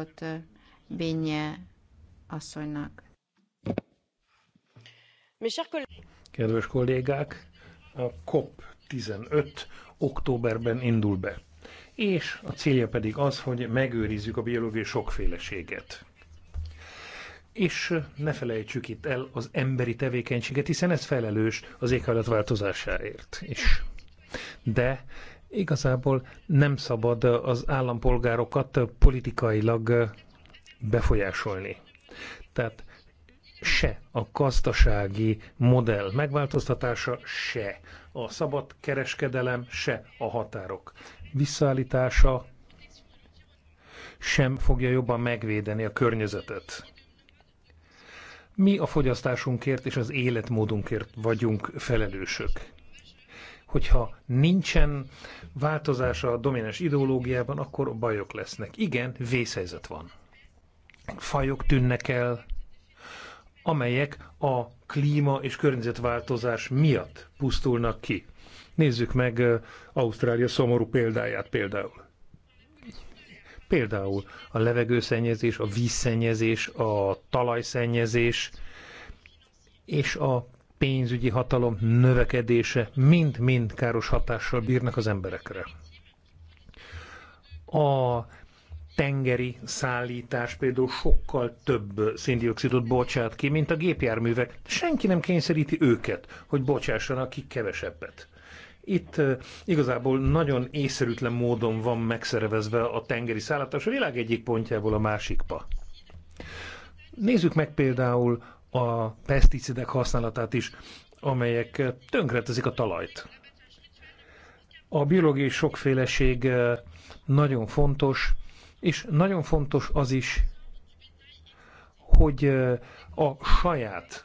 szót Bénye asszonynak. Kedves kollégák, a COP15 októberben indul be, és a célja pedig az, hogy megőrizzük a biológiai sokféleséget. És ne felejtsük itt el az emberi tevékenységet, hiszen ez felelős az éghajlat változásáért is. De Igazából nem szabad az állampolgárokat politikailag befolyásolni. Tehát se a gazdasági modell megváltoztatása, se a szabad kereskedelem, se a határok visszaállítása sem fogja jobban megvédeni a környezetet. Mi a fogyasztásunkért és az életmódunkért vagyunk felelősök hogyha nincsen változása a domináns ideológiában, akkor bajok lesznek. Igen, vészhelyzet van. Fajok tűnnek el, amelyek a klíma és környezetváltozás miatt pusztulnak ki. Nézzük meg Ausztrália szomorú példáját például. Például a levegőszennyezés, a vízszennyezés, a talajszennyezés és a pénzügyi hatalom növekedése mind-mind káros hatással bírnak az emberekre. A tengeri szállítás például sokkal több széndiokszidot bocsát ki, mint a gépjárművek. Senki nem kényszeríti őket, hogy bocsássanak ki kevesebbet. Itt igazából nagyon észszerűtlen módon van megszervezve a tengeri szállítás a világ egyik pontjából a másikba. Nézzük meg például a peszticidek használatát is, amelyek tönkretezik a talajt. A biológiai sokféleség eh, nagyon fontos, és nagyon fontos az is, hogy eh, a saját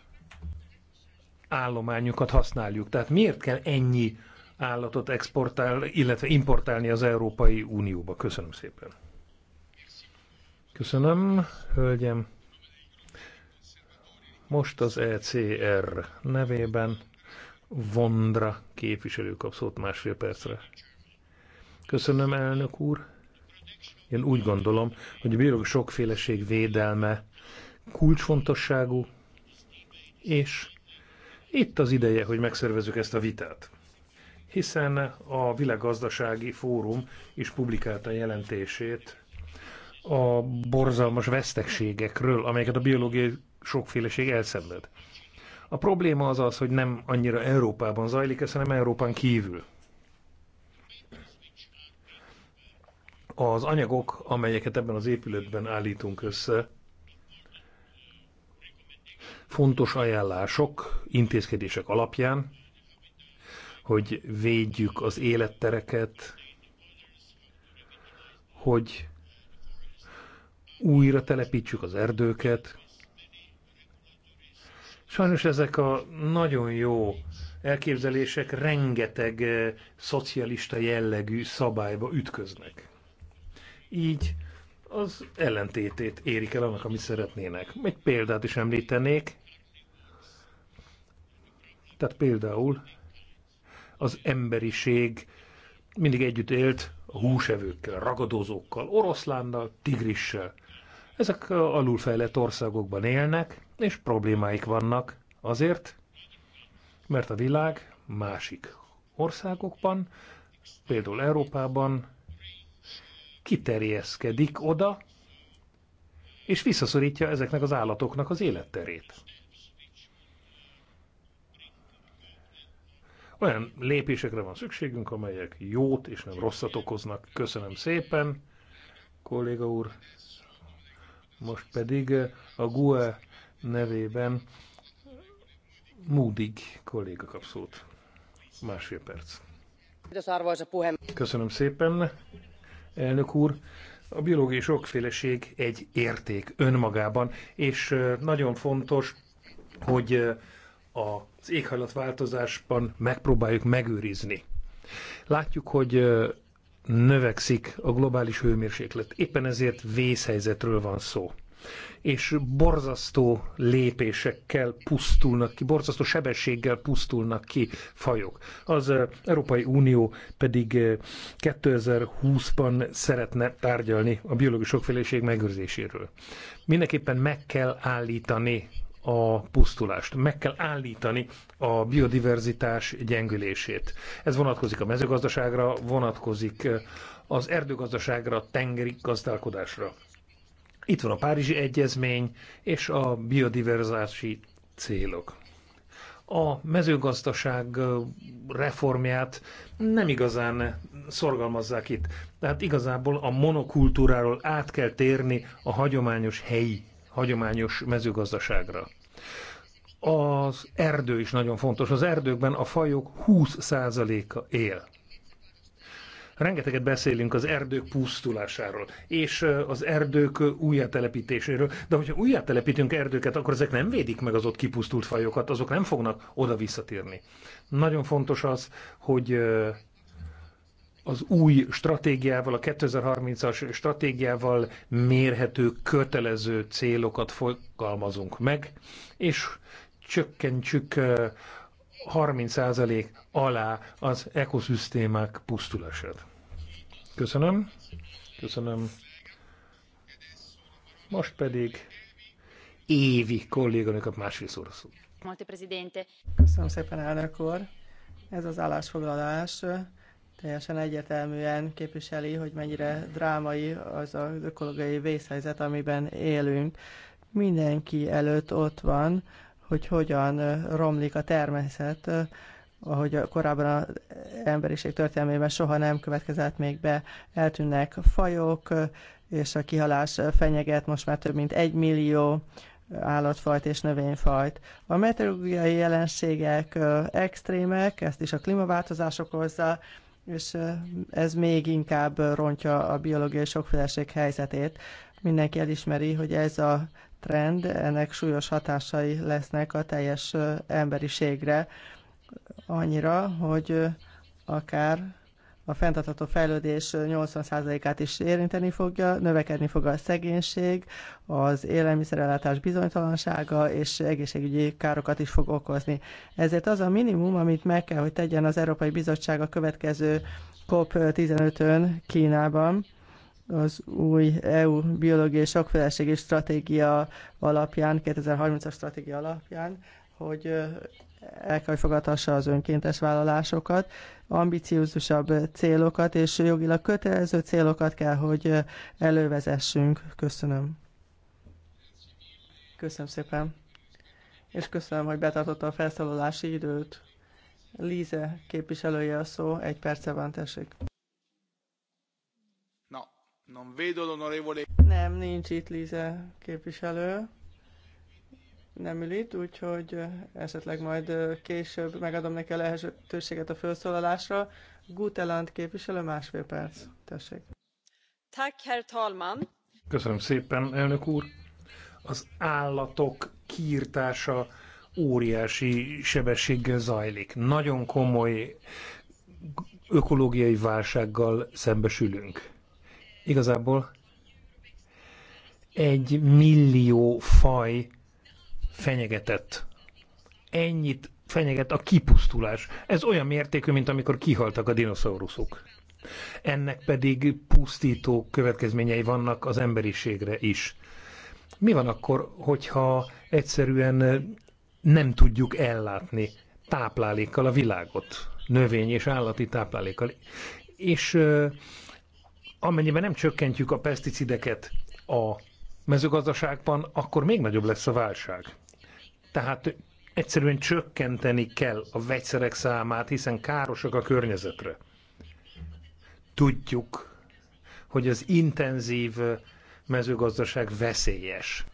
állományukat használjuk. Tehát miért kell ennyi állatot exportál, illetve importálni az Európai Unióba? Köszönöm szépen. Köszönöm, hölgyem. Most az ECR nevében Vondra képviselő kap szót másfél percre. Köszönöm, elnök úr. Én úgy gondolom, hogy a bírók sokféleség védelme kulcsfontosságú, és itt az ideje, hogy megszervezzük ezt a vitát. Hiszen a Világgazdasági Fórum is publikálta jelentését a borzalmas vesztegségekről, amelyeket a biológiai sokféleség elszenved. A probléma az az, hogy nem annyira Európában zajlik ez, hanem Európán kívül. Az anyagok, amelyeket ebben az épületben állítunk össze, fontos ajánlások, intézkedések alapján, hogy védjük az élettereket, hogy újra telepítsük az erdőket, Sajnos ezek a nagyon jó elképzelések rengeteg eh, szocialista jellegű szabályba ütköznek. Így az ellentétét érik el annak, amit szeretnének. Egy példát is említenék. Tehát például az emberiség mindig együtt élt a húsevőkkel, ragadozókkal, oroszlánnal, tigrissel. Ezek alulfejlett országokban élnek, és problémáik vannak azért, mert a világ másik országokban, például Európában kiterjeszkedik oda, és visszaszorítja ezeknek az állatoknak az életterét. Olyan lépésekre van szükségünk, amelyek jót és nem rosszat okoznak. Köszönöm szépen, kolléga úr. Most pedig eh, a GUE nevében Múdig kolléga kap szót. Másfél perc. Köszönöm szépen, elnök úr. A biológiai sokféleség egy érték önmagában, és eh, nagyon fontos, hogy eh, az éghajlatváltozásban megpróbáljuk megőrizni. Látjuk, hogy növekszik a globális hőmérséklet. Éppen ezért vészhelyzetről van szó. És borzasztó lépésekkel pusztulnak ki, borzasztó sebességgel pusztulnak ki fajok. Az eh, Európai Unió pedig 2020-ban eh, szeretne tárgyalni a biológus sokféleség megőrzéséről. Mindenképpen meg kell állítani a pusztulást, meg kell állítani a biodiverzitás gyengülését. Ez vonatkozik a mezőgazdaságra, vonatkozik az erdőgazdaságra, a tengeri gazdálkodásra. Itt van a Párizsi Egyezmény és a biodiverzási célok. A mezőgazdaság reformját nem igazán szorgalmazzák itt. Tehát igazából a monokultúráról át kell térni a hagyományos helyi, hagyományos mezőgazdaságra. Az erdő is nagyon fontos. Az erdőkben a fajok 20%-a él. Rengeteget beszélünk az erdők pusztulásáról, és az erdők újjátelepítéséről, de hogyha újjátelepítünk erdőket, akkor ezek nem védik meg az ott kipusztult fajokat, azok nem fognak oda visszatérni. Nagyon fontos az, hogy az új stratégiával, a 2030-as stratégiával mérhető, kötelező célokat fogalmazunk meg, és csökkentsük 30% alá az ekoszisztémák pusztulását. Köszönöm. Köszönöm. Most pedig Évi kolléganők másfél szóra szó. Köszönöm szépen, elnök úr. Ez az állásfoglalás teljesen egyetelműen képviseli, hogy mennyire drámai az az ökológiai vészhelyzet, amiben élünk. Mindenki előtt ott van hogy hogyan romlik a természet, ahogy korábban az emberiség történelmében soha nem következett még be, eltűnnek fajok, és a kihalás fenyeget most már több mint egy millió állatfajt és növényfajt. A meteorológiai jelenségek extrémek, ezt is a klímaváltozás okozza, és ez még inkább rontja a biológiai sokféleség helyzetét. Mindenki elismeri, hogy ez a trend, ennek súlyos hatásai lesznek a teljes emberiségre, annyira, hogy akár a fenntartható fejlődés 80%-át is érinteni fogja, növekedni fog a szegénység, az élelmiszerellátás bizonytalansága és egészségügyi károkat is fog okozni. Ezért az a minimum, amit meg kell, hogy tegyen az Európai Bizottság a következő COP15-ön Kínában, az új EU biológiai sokféleségi stratégia alapján, 2030-as stratégia alapján, hogy el kell, fogadhassa az önkéntes vállalásokat, ambiciózusabb célokat és jogilag kötelező célokat kell, hogy elővezessünk. Köszönöm. Köszönöm szépen. És köszönöm, hogy betartotta a felszólalási időt. Líze képviselője a szó, egy perce van, tessék. Non vedo l'onorevole... Nem, nincs itt Lize képviselő. Nem ül itt, úgyhogy esetleg majd később megadom neki a lehetőséget a felszólalásra. Guteland képviselő, másfél perc. Tessék. herr talman. Köszönöm szépen, elnök úr. Az állatok kiirtása óriási sebességgel zajlik. Nagyon komoly ökológiai válsággal szembesülünk. Igazából egy millió faj fenyegetett. Ennyit fenyeget a kipusztulás. Ez olyan mértékű, mint amikor kihaltak a dinoszauruszok. Ennek pedig pusztító következményei vannak az emberiségre is. Mi van akkor, hogyha egyszerűen nem tudjuk ellátni táplálékkal a világot, növény és állati táplálékkal? És amennyiben nem csökkentjük a peszticideket a mezőgazdaságban, akkor még nagyobb lesz a válság. Tehát egyszerűen csökkenteni kell a vegyszerek számát, hiszen károsak a környezetre. Tudjuk, hogy az intenzív mezőgazdaság veszélyes.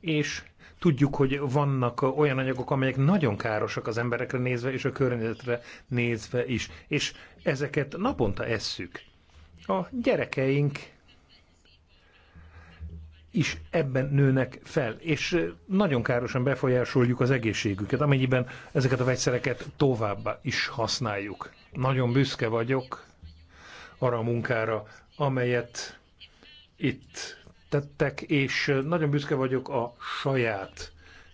És tudjuk, hogy vannak olyan anyagok, amelyek nagyon károsak az emberekre nézve és a környezetre nézve is, és ezeket naponta esszük a gyerekeink is ebben nőnek fel, és nagyon károsan befolyásoljuk az egészségüket, amennyiben ezeket a vegyszereket továbbá is használjuk. Nagyon büszke vagyok arra a munkára, amelyet itt tettek, és nagyon büszke vagyok a saját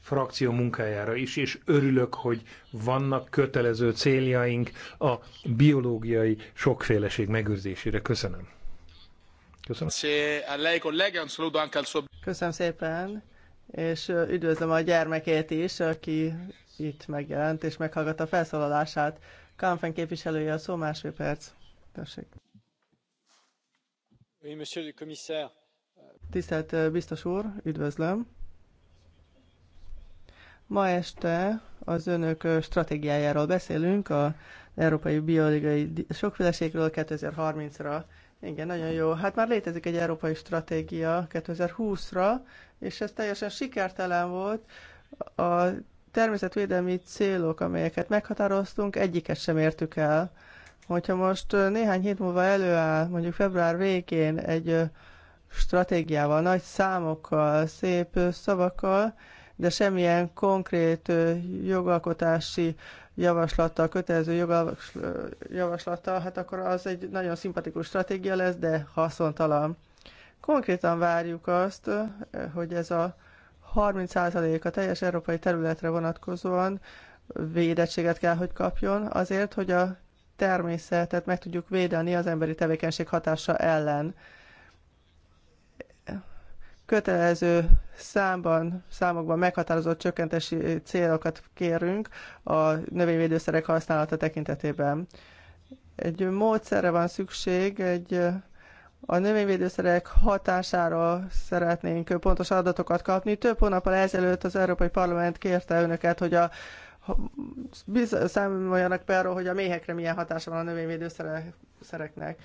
frakció munkájára is, és örülök, hogy vannak kötelező céljaink a biológiai sokféleség megőrzésére. Köszönöm. Köszönöm. Köszönöm szépen, és üdvözlöm a gyermekét is, aki itt megjelent és meghallgatta a felszólalását. Kámfen képviselője a szó, másfél perc. Tessék. Tisztelt biztos úr, üdvözlöm. Ma este az önök stratégiájáról beszélünk, a Európai Biológiai Sokféleségről 2030-ra. Igen, nagyon jó. Hát már létezik egy európai stratégia 2020-ra, és ez teljesen sikertelen volt. A természetvédelmi célok, amelyeket meghatároztunk, egyiket sem értük el. Hogyha most néhány hét múlva előáll, mondjuk február végén egy stratégiával, nagy számokkal, szép szavakkal, de semmilyen konkrét jogalkotási javaslattal, kötelező jogavas, hát akkor az egy nagyon szimpatikus stratégia lesz, de haszontalan. Konkrétan várjuk azt, hogy ez a 30% a teljes európai területre vonatkozóan védettséget kell, hogy kapjon, azért, hogy a természetet meg tudjuk védeni az emberi tevékenység hatása ellen kötelező számban, számokban meghatározott csökkentési célokat kérünk a növényvédőszerek használata tekintetében. Egy módszerre van szükség, egy a növényvédőszerek hatására szeretnénk pontos adatokat kapni. Több hónappal ezelőtt az Európai Parlament kérte önöket, hogy a számoljanak be arról, hogy a méhekre milyen hatása van a növényvédőszereknek.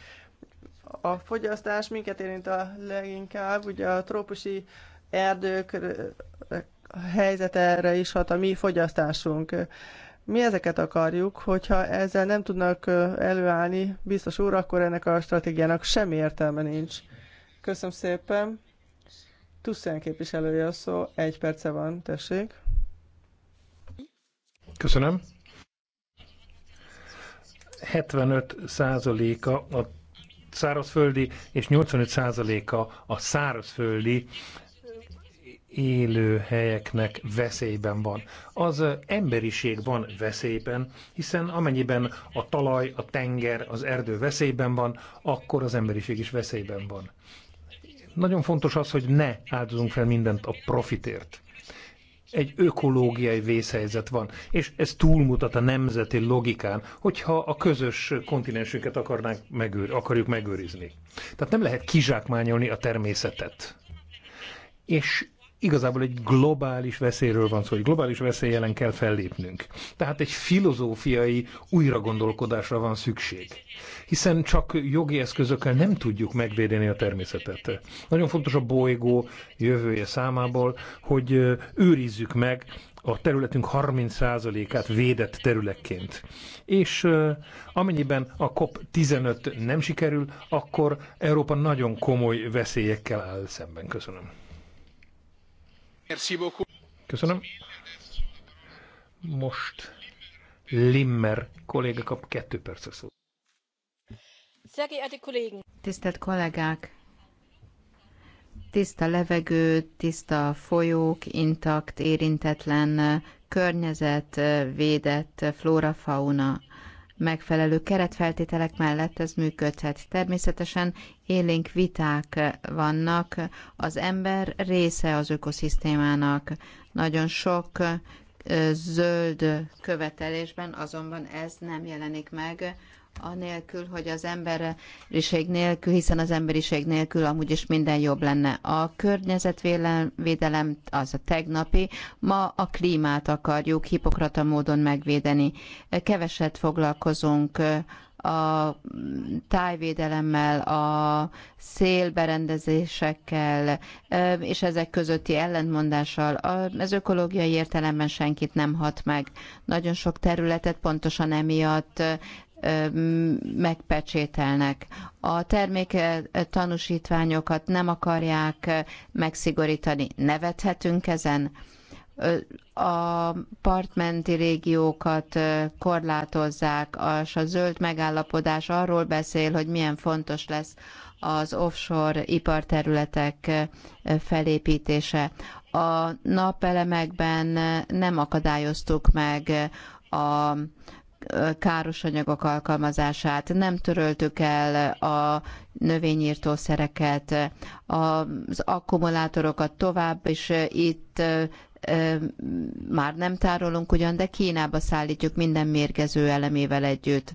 A fogyasztás minket érint a leginkább, ugye a trópusi erdők helyzet erre is hat a mi fogyasztásunk. Mi ezeket akarjuk, hogyha ezzel nem tudnak előállni, biztos úr, akkor ennek a stratégiának semmi értelme nincs. Köszönöm szépen. Tusszán képviselője a szó, egy perce van, tessék. Köszönöm. 75%-a a szárazföldi, és 85%-a a szárazföldi élőhelyeknek veszélyben van. Az emberiség van veszélyben, hiszen amennyiben a talaj, a tenger, az erdő veszélyben van, akkor az emberiség is veszélyben van. Nagyon fontos az, hogy ne áldozunk fel mindent a profitért egy ökológiai vészhelyzet van, és ez túlmutat a nemzeti logikán, hogyha a közös kontinensünket akarnánk megőr, akarjuk megőrizni. Tehát nem lehet kizsákmányolni a természetet. És igazából egy globális veszélyről van szó, egy globális veszély ellen kell fellépnünk. Tehát egy filozófiai újragondolkodásra van szükség. Hiszen csak jogi eszközökkel nem tudjuk megvédeni a természetet. Nagyon fontos a bolygó jövője számából, hogy őrizzük meg a területünk 30%-át védett területként. És amennyiben a COP15 nem sikerül, akkor Európa nagyon komoly veszélyekkel áll szemben. Köszönöm. Köszönöm. Most Limmer kolléga kap kettő percre szó. Tisztelt kollégák! Tiszta levegő, tiszta folyók, intakt, érintetlen környezet, védett flóra, fauna megfelelő keretfeltételek mellett ez működhet. Természetesen élénk viták vannak, az ember része az ökoszisztémának. Nagyon sok zöld követelésben azonban ez nem jelenik meg anélkül, hogy az emberiség nélkül, hiszen az emberiség nélkül amúgy is minden jobb lenne. A környezetvédelem az a tegnapi, ma a klímát akarjuk hipokrata módon megvédeni. Keveset foglalkozunk a tájvédelemmel, a szélberendezésekkel, és ezek közötti ellentmondással az ökológiai értelemben senkit nem hat meg. Nagyon sok területet pontosan emiatt megpecsételnek. A termék eh, tanúsítványokat nem akarják eh, megszigorítani. Nevethetünk ezen? a partmenti régiókat eh, korlátozzák, és a zöld megállapodás arról beszél, hogy milyen fontos lesz az offshore iparterületek felépítése. A napelemekben nem akadályoztuk meg a káros anyagok alkalmazását, nem töröltük el a növényírtószereket, az akkumulátorokat tovább, és itt már nem tárolunk ugyan, de Kínába szállítjuk minden mérgező elemével együtt.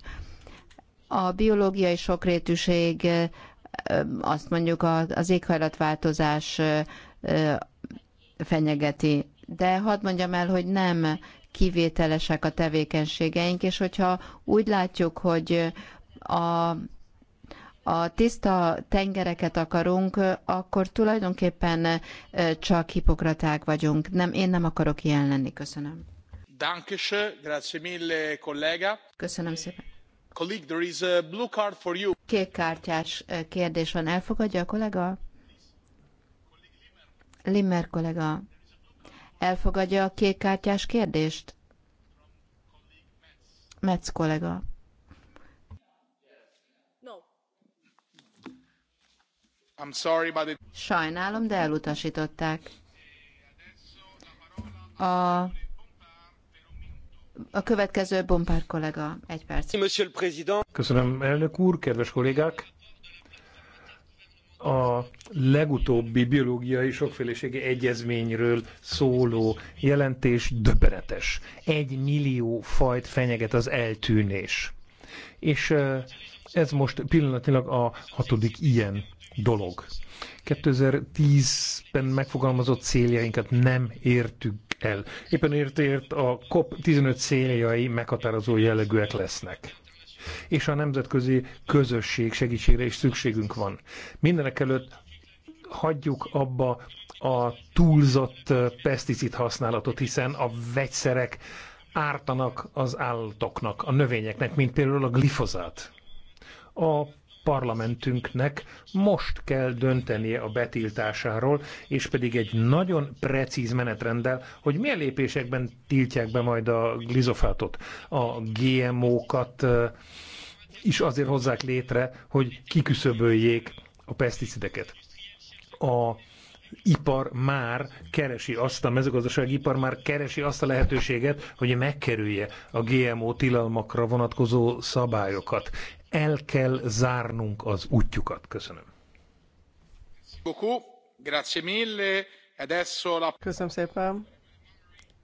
A biológiai sokrétűség, azt mondjuk az éghajlatváltozás fenyegeti, de hadd mondjam el, hogy nem kivételesek a tevékenységeink, és hogyha úgy látjuk, hogy a a tiszta tengereket akarunk, akkor tulajdonképpen csak hipokraták vagyunk. Nem, én nem akarok ilyen lenni. Köszönöm. Köszönöm szépen. Colleague, there is a blue card for you. Kék kártyás kérdés van. Elfogadja a kollega? Limmer kollega. Elfogadja a kékkártyás kérdést? Metz kollega. Sajnálom, de elutasították. A, a következő Bompár kollega, egy perc. Köszönöm, elnök úr, kedves kollégák! a legutóbbi biológiai sokféleségi egyezményről szóló jelentés döbbenetes. Egy millió fajt fenyeget az eltűnés. És ez most pillanatilag a hatodik ilyen dolog. 2010-ben megfogalmazott céljainkat nem értük el. Éppen értért a COP 15 céljai meghatározó jellegűek lesznek és a nemzetközi közösség segítségére is szükségünk van. Mindenek előtt hagyjuk abba a túlzott peszticid használatot, hiszen a vegyszerek ártanak az állatoknak, a növényeknek, mint például a glifozát. A parlamentünknek most kell döntenie a betiltásáról, és pedig egy nagyon precíz menetrenddel, hogy milyen lépésekben tiltják be majd a glizofátot, a GMO-kat is azért hozzák létre, hogy kiküszöböljék a peszticideket. A ipar már keresi azt, a mezőgazdasági ipar már keresi azt a lehetőséget, hogy megkerülje a GMO tilalmakra vonatkozó szabályokat el kell zárnunk az útjukat. Köszönöm. Köszönöm szépen.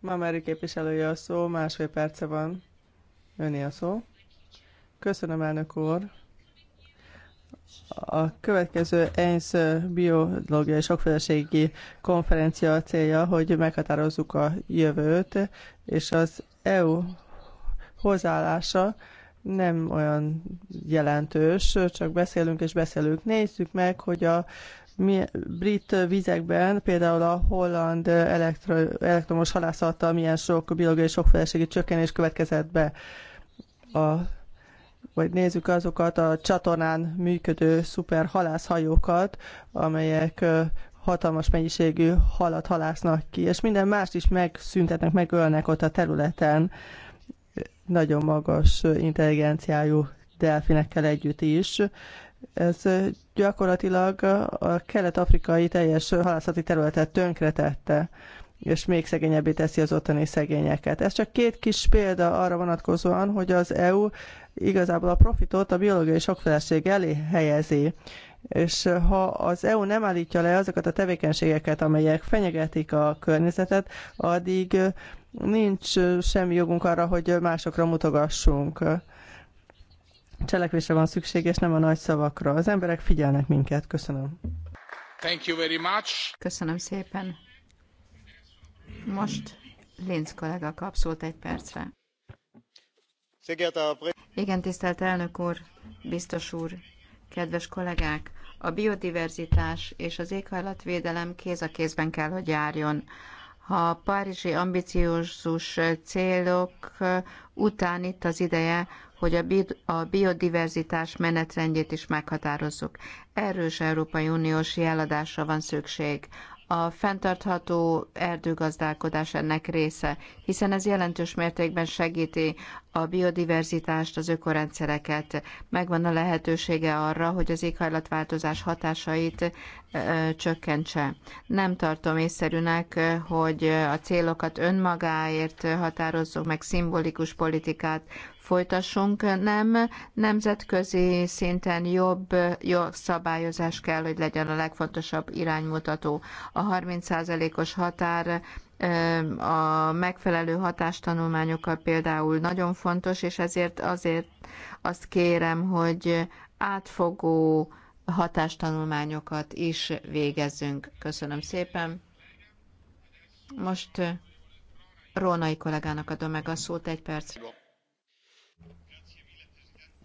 Mameri képviselője a szó, másfél perce van. Öné a szó. Köszönöm, elnök úr. A következő ENSZ biológiai sokféleségi konferencia célja, hogy meghatározzuk a jövőt, és az EU hozzáállása nem olyan jelentős, csak beszélünk és beszélünk. Nézzük meg, hogy a brit vizekben, például a holland elektro, elektromos halászattal milyen sok biológiai sokféleségi csökkenés következett be. A, vagy nézzük azokat a csatornán működő szuper halászhajókat, amelyek hatalmas mennyiségű halat halásznak ki, és minden mást is megszüntetnek, megölnek ott a területen nagyon magas intelligenciájú delfinekkel együtt is. Ez gyakorlatilag a kelet-afrikai teljes halászati területet tönkretette és még szegényebbé teszi az ottani szegényeket. Ez csak két kis példa arra vonatkozóan, hogy az EU igazából a profitot a biológiai sokféleség elé helyezi. És ha az EU nem állítja le azokat a tevékenységeket, amelyek fenyegetik a környezetet, addig nincs semmi jogunk arra, hogy másokra mutogassunk. Cselekvésre van szükség, és nem a nagy szavakra. Az emberek figyelnek minket. Köszönöm. Thank you very much. Köszönöm szépen. Most Linz kollega kap egy percre. Igen, tisztelt elnök úr, biztos úr, kedves kollégák! A biodiverzitás és az éghajlatvédelem kéz a kézben kell, hogy járjon. Ha a párizsi ambiciózus célok után itt az ideje, hogy a biodiverzitás menetrendjét is meghatározzuk. Erős Európai Uniós jeladásra van szükség a fenntartható erdőgazdálkodás ennek része, hiszen ez jelentős mértékben segíti a biodiverzitást, az ökorendszereket. Megvan a lehetősége arra, hogy az éghajlatváltozás hatásait csökkentse. Nem tartom észszerűnek, hogy a célokat önmagáért határozzuk meg szimbolikus politikát folytassunk, nem nemzetközi szinten jobb jogszabályozás kell, hogy legyen a legfontosabb iránymutató. A 30%-os határ a megfelelő hatástanulmányokkal például nagyon fontos, és ezért azért azt kérem, hogy átfogó hatástanulmányokat is végezzünk. Köszönöm szépen. Most Rónai kollégának adom meg a szót egy perc.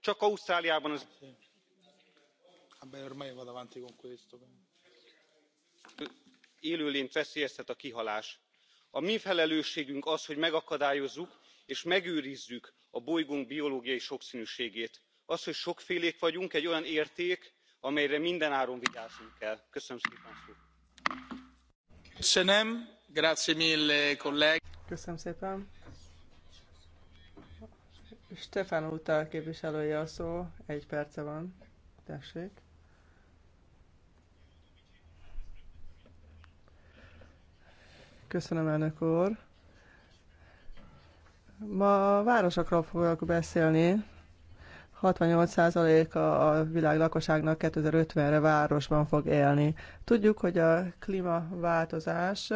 csak ausztráliában az élőlényt veszélyeztet a kihalás. a mi felelősségünk az hogy megakadályozzuk és megőrizzük a bolygónk biológiai soksznűségét. az hogy sokfélék vagyunk egy olyan érték amelyre mindenáron vigyáznunk kell. köszönöm szépen a szót! köszönöm szépen! Stefán Uta képviselője a szó, egy perce van. Tessék. Köszönöm, elnök úr. Ma a városokról fogok beszélni. 68 a világ lakosságnak 2050-re városban fog élni. Tudjuk, hogy a klímaváltozás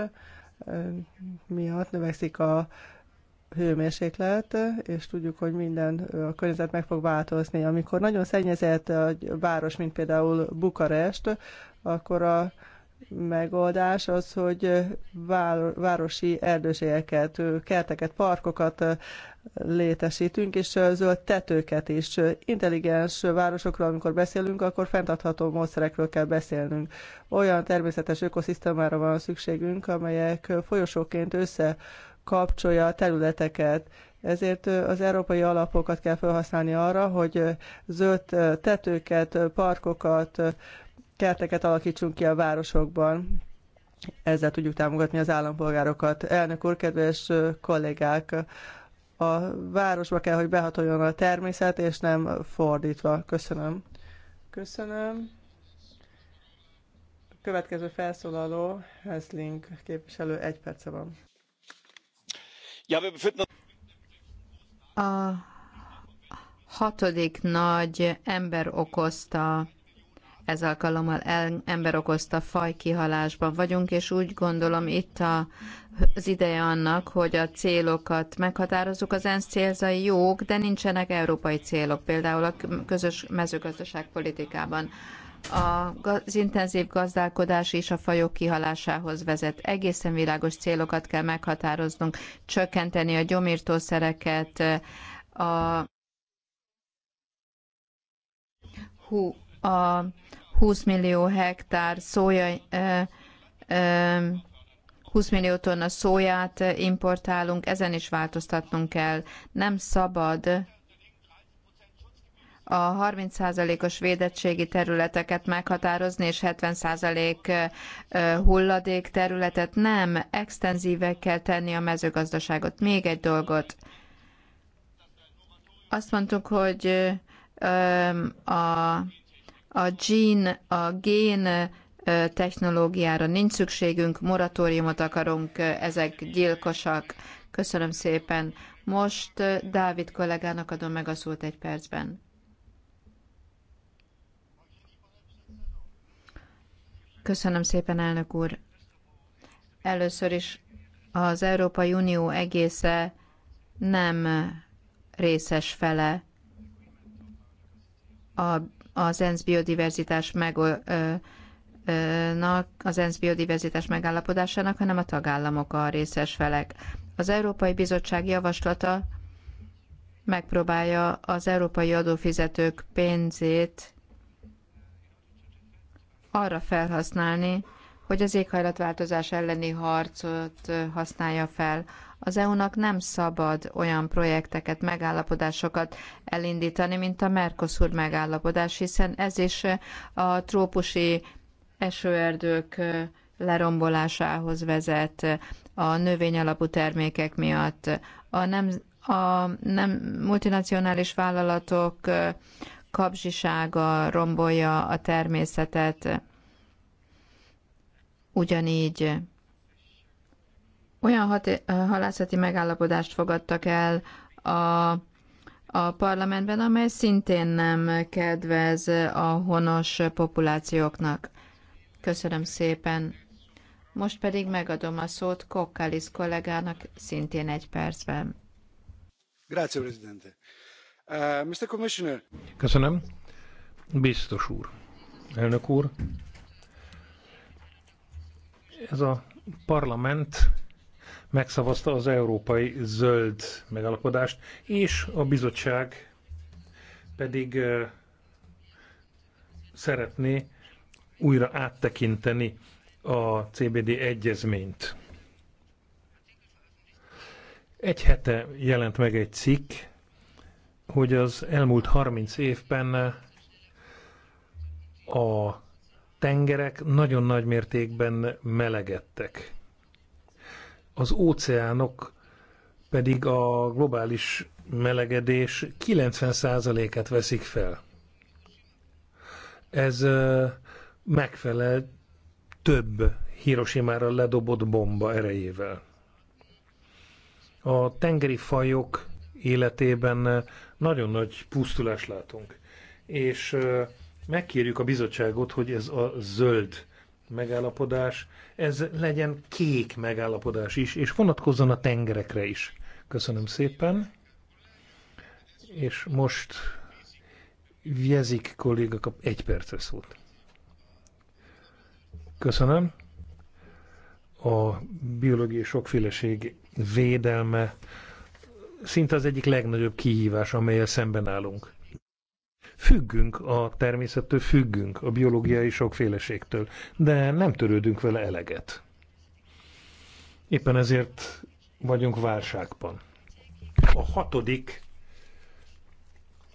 miatt növekszik a hőmérséklet, és tudjuk, hogy minden a környezet meg fog változni. Amikor nagyon szennyezett a város, mint például Bukarest, akkor a megoldás az, hogy városi erdőségeket, kerteket, parkokat létesítünk, és zöld tetőket is. Intelligens városokról, amikor beszélünk, akkor fenntartható módszerekről kell beszélnünk. Olyan természetes ökoszisztémára van szükségünk, amelyek folyosóként össze kapcsolja a területeket. Ezért az európai alapokat kell felhasználni arra, hogy zöld tetőket, parkokat, kerteket alakítsunk ki a városokban. Ezzel tudjuk támogatni az állampolgárokat. Elnök úr, kedves kollégák, a városba kell, hogy behatoljon a természet, és nem fordítva. Köszönöm. Köszönöm. Következő felszólaló, Hesling képviselő, egy perce van. A hatodik nagy ember okozta ez alkalommal el, ember okozta kihalásban vagyunk, és úgy gondolom itt a, az ideje annak, hogy a célokat meghatározzuk. Az ENSZ célzai jók, de nincsenek európai célok, például a közös mezőgazdaság politikában az intenzív gazdálkodás és a fajok kihalásához vezet. Egészen világos célokat kell meghatároznunk, csökkenteni a gyomírtószereket, a, hú, a 20 millió hektár szója, 20 millió tonna szóját importálunk, ezen is változtatnunk kell. Nem szabad a 30%-os védettségi területeket meghatározni, és 70% hulladék területet nem, extenzívek kell tenni a mezőgazdaságot. Még egy dolgot. Azt mondtuk, hogy a, a gene, a gén technológiára nincs szükségünk, moratóriumot akarunk, ezek gyilkosak. Köszönöm szépen. Most Dávid kollégának adom meg a szót egy percben. Köszönöm szépen, elnök úr. Először is az Európai Unió egésze nem részes fele a, az ENSZ biodiverzitás megnak, az ENSZ biodiverzitás megállapodásának, hanem a tagállamok a részes felek. Az Európai Bizottság javaslata megpróbálja az európai adófizetők pénzét arra felhasználni, hogy az éghajlatváltozás elleni harcot használja fel. Az EU-nak nem szabad olyan projekteket, megállapodásokat elindítani, mint a Mercosur megállapodás, hiszen ez is a trópusi esőerdők lerombolásához vezet a növényalapú termékek miatt. A, nem, a nem multinacionális vállalatok kapzsisága rombolja a természetet, ugyanígy olyan hat- halászati megállapodást fogadtak el a a parlamentben, amely szintén nem kedvez a honos populációknak. Köszönöm szépen. Most pedig megadom a szót Kokkalis kollégának szintén egy percben. Grazie, Presidente. Uh, Köszönöm. Biztos úr. Elnök úr. Ez a parlament megszavazta az európai zöld megállapodást, és a bizottság pedig uh, szeretné újra áttekinteni a CBD egyezményt. Egy hete jelent meg egy cikk, hogy az elmúlt 30 évben a tengerek nagyon nagy mértékben melegedtek. Az óceánok pedig a globális melegedés 90 et veszik fel. Ez megfelel több Hiroshima-ra ledobott bomba erejével. A tengeri fajok életében nagyon nagy pusztulást látunk. És megkérjük a bizottságot, hogy ez a zöld megállapodás, ez legyen kék megállapodás is, és vonatkozzon a tengerekre is. Köszönöm szépen. És most Vjezik kolléga kap egy percre szót. Köszönöm. A biológiai sokféleség védelme szinte az egyik legnagyobb kihívás, amelyel szemben állunk. Függünk a természettől, függünk a biológiai sokféleségtől, de nem törődünk vele eleget. Éppen ezért vagyunk válságban. A hatodik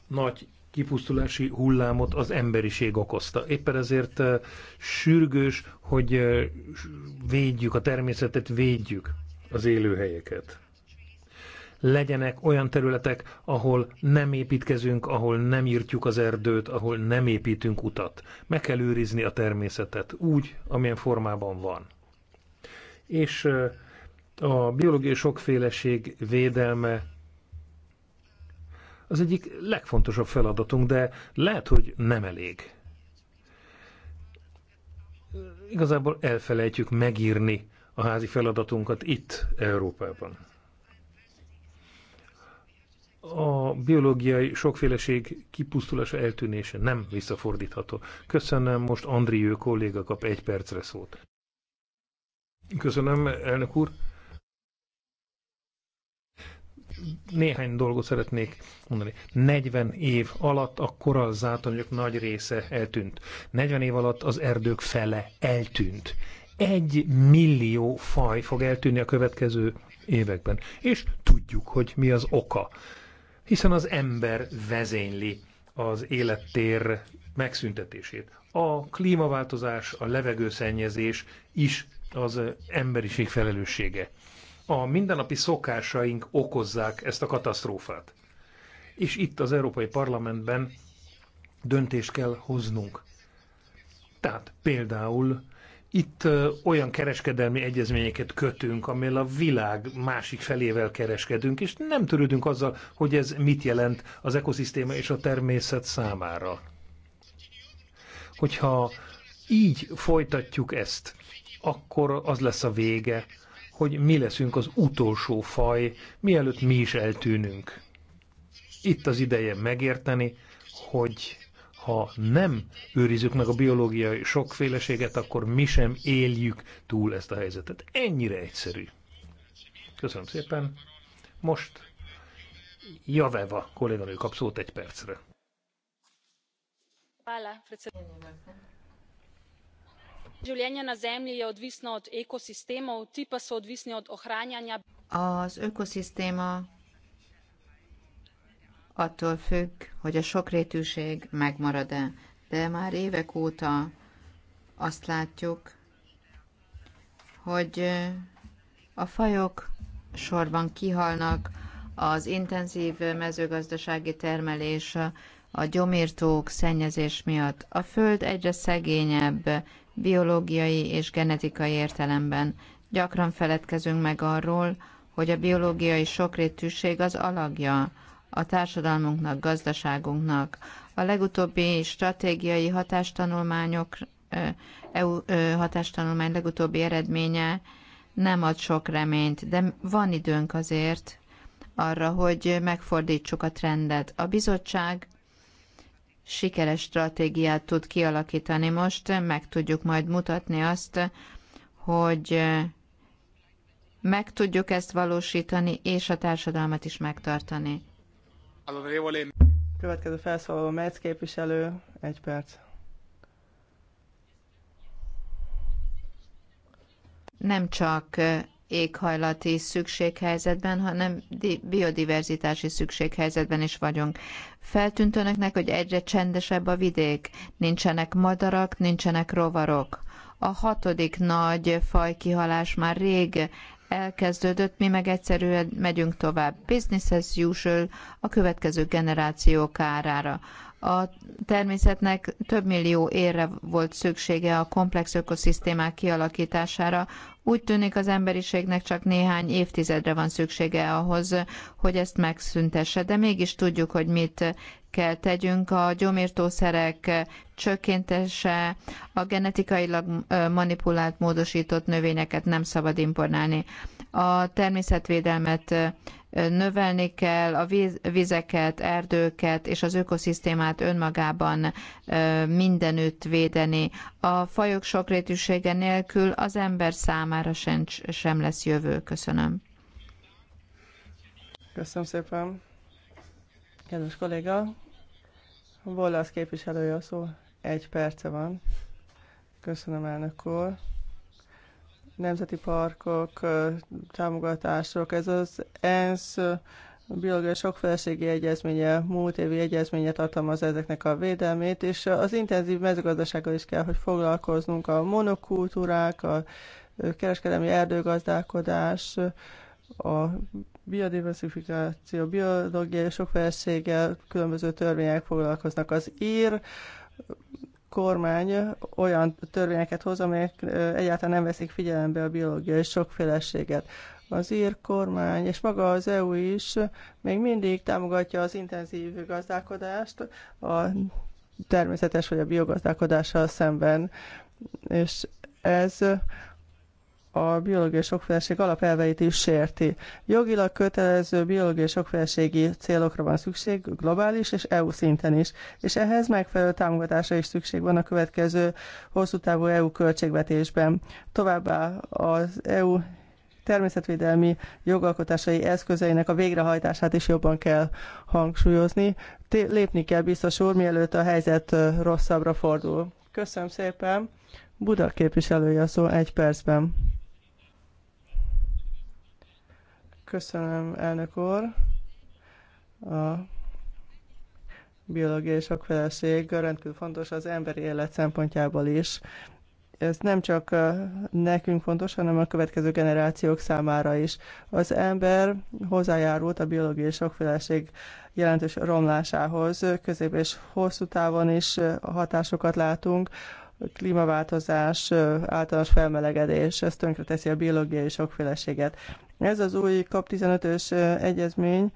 nagy kipusztulási hullámot az emberiség okozta. Éppen ezért eh, sürgős, hogy eh, védjük a természetet, védjük az élőhelyeket legyenek olyan területek, ahol nem építkezünk, ahol nem írtjuk az erdőt, ahol nem építünk utat. Meg kell őrizni a természetet úgy, amilyen formában van. És a biológiai sokféleség védelme az egyik legfontosabb feladatunk, de lehet, hogy nem elég. Igazából elfelejtjük megírni a házi feladatunkat itt, Európában a biológiai sokféleség kipusztulása, eltűnése nem visszafordítható. Köszönöm, most Andriő kolléga kap egy percre szót. Köszönöm, elnök úr. Néhány dolgot szeretnék mondani. 40 év alatt a korallzátonyok nagy része eltűnt. 40 év alatt az erdők fele eltűnt. Egy millió faj fog eltűnni a következő években. És tudjuk, hogy mi az oka hiszen az ember vezényli az élettér megszüntetését. A klímaváltozás, a levegőszennyezés is az emberiség felelőssége. A mindennapi szokásaink okozzák ezt a katasztrófát. És itt az Európai Parlamentben döntést kell hoznunk. Tehát például itt olyan kereskedelmi egyezményeket kötünk, amivel a világ másik felével kereskedünk, és nem törődünk azzal, hogy ez mit jelent az ekoszisztéma és a természet számára. Hogyha így folytatjuk ezt, akkor az lesz a vége, hogy mi leszünk az utolsó faj, mielőtt mi is eltűnünk. Itt az ideje megérteni, hogy ha nem őrizzük meg a biológiai sokféleséget, akkor mi sem éljük túl ezt a helyzetet. Ennyire egyszerű. Köszönöm szépen. Most Javeva kolléganő kap szót egy percre. Az ökoszisztéma attól függ, hogy a sokrétűség megmarad-e. De már évek óta azt látjuk, hogy a fajok sorban kihalnak, az intenzív mezőgazdasági termelés, a gyomírtók szennyezés miatt. A Föld egyre szegényebb biológiai és genetikai értelemben. Gyakran feledkezünk meg arról, hogy a biológiai sokrétűség az alagja a társadalmunknak, gazdaságunknak. A legutóbbi stratégiai hatástanulmányok, EU hatástanulmány legutóbbi eredménye nem ad sok reményt, de van időnk azért arra, hogy megfordítsuk a trendet. A bizottság sikeres stratégiát tud kialakítani most, meg tudjuk majd mutatni azt, hogy meg tudjuk ezt valósítani, és a társadalmat is megtartani. Következő felszólaló Metz képviselő, egy perc. Nem csak éghajlati szükséghelyzetben, hanem biodiverzitási szükséghelyzetben is vagyunk. Feltűnt önöknek, hogy egyre csendesebb a vidék, nincsenek madarak, nincsenek rovarok. A hatodik nagy fajkihalás már rég elkezdődött, mi meg egyszerűen megyünk tovább. Business as usual a következő generáció kárára. A természetnek több millió érre volt szüksége a komplex ökoszisztémák kialakítására. Úgy tűnik az emberiségnek csak néhány évtizedre van szüksége ahhoz, hogy ezt megszüntesse, de mégis tudjuk, hogy mit kell tegyünk. A gyomírtószerek csökkentése, a genetikailag manipulált, módosított növényeket nem szabad importálni. A természetvédelmet növelni kell, a vizeket, erdőket és az ökoszisztémát önmagában mindenütt védeni. A fajok sokrétűsége nélkül az ember számára sem, sem lesz jövő. Köszönöm. Köszönöm szépen. Kedves kolléga, Bollasz képviselője a szó. Egy perce van. Köszönöm, elnök úr nemzeti parkok, támogatások. Ez az ENSZ biológiai sokféleségi egyezménye, múlt évi egyezménye tartalmaz ezeknek a védelmét, és az intenzív mezőgazdasággal is kell, hogy foglalkoznunk. A monokultúrák, a kereskedelmi erdőgazdálkodás, a biodiversifikáció, biológiai sokféleséggel különböző törvények foglalkoznak. Az ír kormány olyan törvényeket hoz, amelyek egyáltalán nem veszik figyelembe a biológiai sokféleséget. Az ír kormány és maga az EU is még mindig támogatja az intenzív gazdálkodást a természetes vagy a biogazdálkodással szemben, és ez a biológiai sokféleség alapelveit is sérti. Jogilag kötelező biológiai sokféleségi célokra van szükség, globális és EU szinten is, és ehhez megfelelő támogatásra is szükség van a következő hosszú távú EU költségvetésben. Továbbá az EU természetvédelmi jogalkotásai eszközeinek a végrehajtását is jobban kell hangsúlyozni. lépni kell biztos úr, mielőtt a helyzet rosszabbra fordul. Köszönöm szépen! Buda képviselője szó egy percben. Köszönöm, elnök úr. A biológiai sokféleség rendkívül fontos az emberi élet szempontjából is. Ez nem csak nekünk fontos, hanem a következő generációk számára is. Az ember hozzájárult a biológiai sokféleség jelentős romlásához. Közép és hosszú távon is hatásokat látunk klímaváltozás, általános felmelegedés, ez tönkreteszi a biológiai sokféleséget. Ez az új COP 15-ös egyezmény,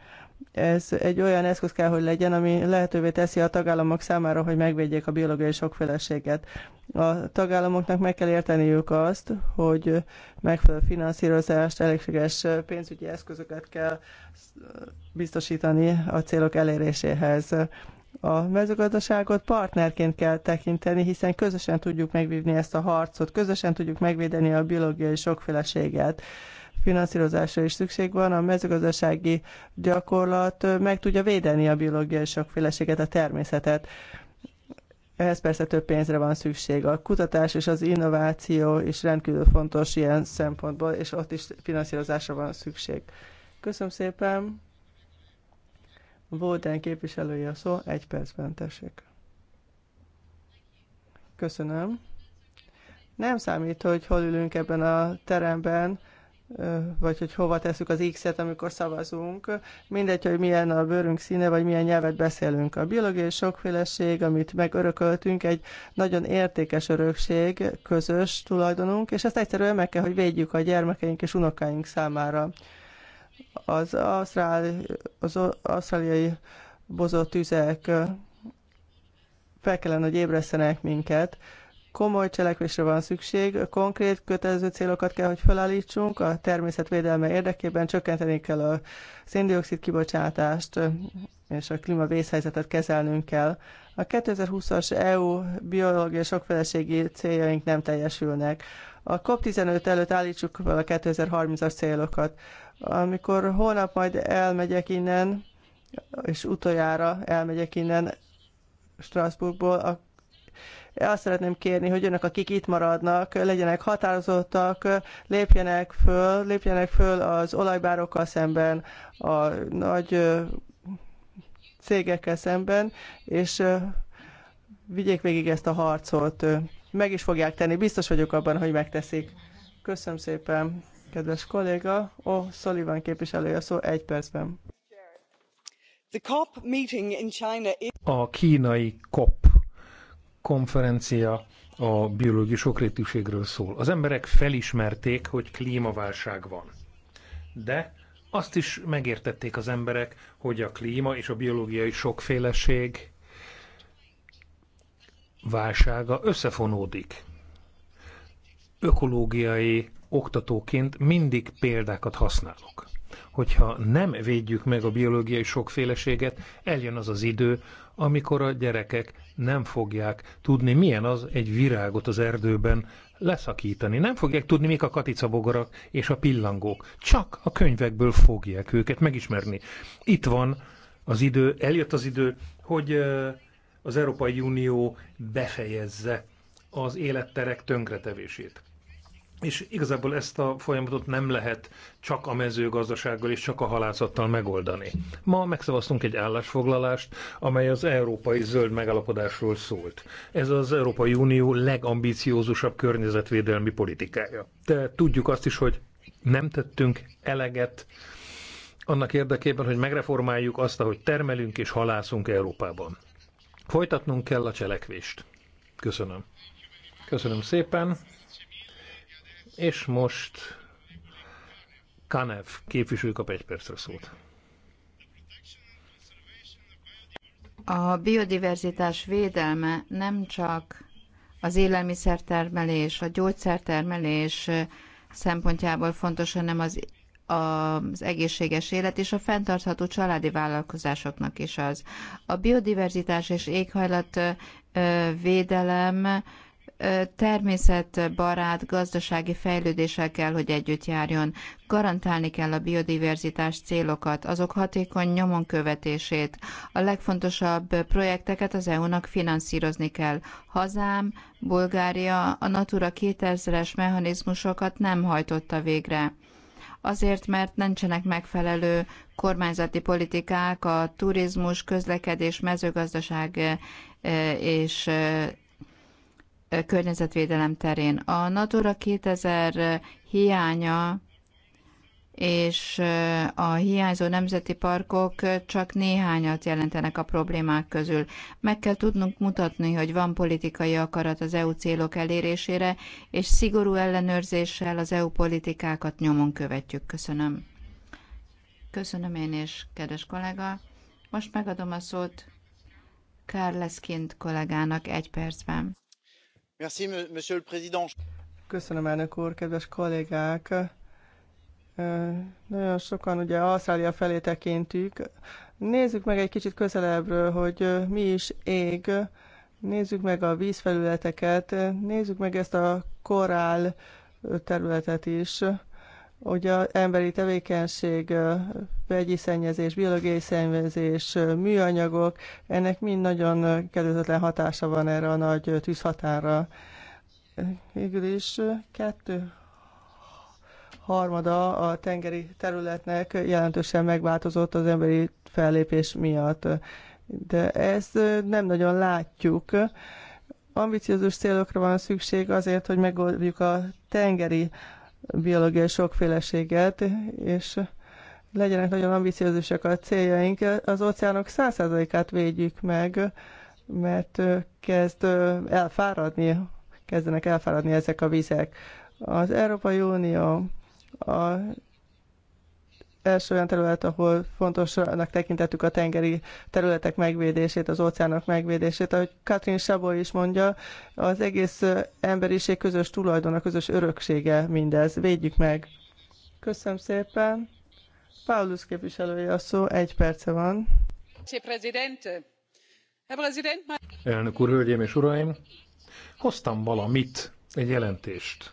ez egy olyan eszköz kell, hogy legyen, ami lehetővé teszi a tagállamok számára, hogy megvédjék a biológiai sokféleséget. A tagállamoknak meg kell érteniük azt, hogy megfelelő finanszírozást, elégséges pénzügyi eszközöket kell biztosítani a célok eléréséhez. A mezőgazdaságot partnerként kell tekinteni, hiszen közösen tudjuk megvívni ezt a harcot, közösen tudjuk megvédeni a biológiai sokféleséget finanszírozásra is szükség van, a mezőgazdasági gyakorlat meg tudja védeni a biológiai sokféleséget, a természetet. Ehhez persze több pénzre van szükség. A kutatás és az innováció is rendkívül fontos ilyen szempontból, és ott is finanszírozásra van szükség. Köszönöm szépen. Vóden képviselője a szó, egy percben tessék. Köszönöm. Nem számít, hogy hol ülünk ebben a teremben vagy hogy hova tesszük az X-et, amikor szavazunk. Mindegy, hogy milyen a bőrünk színe, vagy milyen nyelvet beszélünk. A biológiai sokféleség, amit megörököltünk, egy nagyon értékes örökség, közös tulajdonunk, és ezt egyszerűen meg kell, hogy védjük a gyermekeink és unokáink számára. Az, ausztrál, az ausztráliai bozótüzek fel kellene, hogy ébresztenek minket, Komoly cselekvésre van szükség, konkrét kötelező célokat kell, hogy felállítsunk, a természetvédelme érdekében csökkenteni kell a széndiokszid kibocsátást, és a klímavészhelyzetet kezelnünk kell. A 2020-as EU biológiai sokféleségi céljaink nem teljesülnek. A COP15 előtt állítsuk fel a 2030-as célokat. Amikor holnap majd elmegyek innen, és utoljára elmegyek innen Strasbourgból, azt szeretném kérni, hogy önök, akik itt maradnak, legyenek határozottak, lépjenek föl, lépjenek föl az olajbárokkal szemben, a nagy cégekkel szemben, és vigyék végig ezt a harcot. Meg is fogják tenni, biztos vagyok abban, hogy megteszik. Köszönöm szépen, kedves kolléga. Ó, oh, Sullivan képviselője szó egy percben. A kínai COP konferencia a biológiai sokrétűségről szól. Az emberek felismerték, hogy klímaválság van. De azt is megértették az emberek, hogy a klíma és a biológiai sokféleség válsága összefonódik. Ökológiai oktatóként mindig példákat használok. Hogyha nem védjük meg a biológiai sokféleséget, eljön az az idő, amikor a gyerekek nem fogják tudni, milyen az egy virágot az erdőben leszakítani. Nem fogják tudni, mik a katicabogarak és a pillangók. Csak a könyvekből fogják őket megismerni. Itt van az idő, eljött az idő, hogy az Európai Unió befejezze az életterek tönkretevését. És igazából ezt a folyamatot nem lehet csak a mezőgazdasággal és csak a halászattal megoldani. Ma megszavaztunk egy állásfoglalást, amely az európai zöld megalapodásról szólt. Ez az Európai Unió legambiciózusabb környezetvédelmi politikája. De tudjuk azt is, hogy nem tettünk eleget annak érdekében, hogy megreformáljuk azt, ahogy termelünk és halászunk Európában. Folytatnunk kell a cselekvést. Köszönöm. Köszönöm szépen. És most Kanev képviselő kap egy percre szót. A biodiverzitás védelme nem csak az élelmiszertermelés, a gyógyszertermelés szempontjából fontos, hanem az, az egészséges élet és a fenntartható családi vállalkozásoknak is az. A biodiverzitás és éghajlat védelem természetbarát gazdasági fejlődéssel kell, hogy együtt járjon. Garantálni kell a biodiverzitás célokat, azok hatékony nyomon követését. A legfontosabb projekteket az EU-nak finanszírozni kell. Hazám, Bulgária a Natura 2000-es mechanizmusokat nem hajtotta végre azért, mert nincsenek megfelelő kormányzati politikák a turizmus, közlekedés, mezőgazdaság és környezetvédelem terén. A Natura 2000 hiánya és a hiányzó nemzeti parkok csak néhányat jelentenek a problémák közül. Meg kell tudnunk mutatni, hogy van politikai akarat az EU célok elérésére, és szigorú ellenőrzéssel az EU politikákat nyomon követjük. Köszönöm. Köszönöm én is, kedves kollega. Most megadom a szót Kárleszként kollégának egy percben. Köszönöm, elnök úr, kedves kollégák! Nagyon sokan ugye Ausztrália felé tekintünk. Nézzük meg egy kicsit közelebbről, hogy mi is ég. Nézzük meg a vízfelületeket, nézzük meg ezt a korál területet is. Ugye emberi tevékenység, vegyi szennyezés, biológiai szennyezés, műanyagok, ennek mind nagyon kedvezőtlen hatása van erre a nagy tűzhatára. Végül is kettő harmada a tengeri területnek jelentősen megváltozott az emberi fellépés miatt. De ezt nem nagyon látjuk. Ambiciózus célokra van szükség azért, hogy megoldjuk a tengeri biológiai sokféleséget, és legyenek nagyon ambiciózusak a céljaink. Az óceánok 100%-át védjük meg, mert kezd elfáradni, kezdenek elfáradni ezek a vizek. Az Európai Unió a első olyan terület, ahol fontosnak tekintettük a tengeri területek megvédését, az óceánok megvédését. Ahogy Katrin Sabó is mondja, az egész emberiség közös tulajdona, közös öröksége mindez. Védjük meg! Köszönöm szépen! Paulus képviselője a szó, egy perce van. Eh, Elnök úr, hölgyeim és uraim! Hoztam valamit, egy jelentést.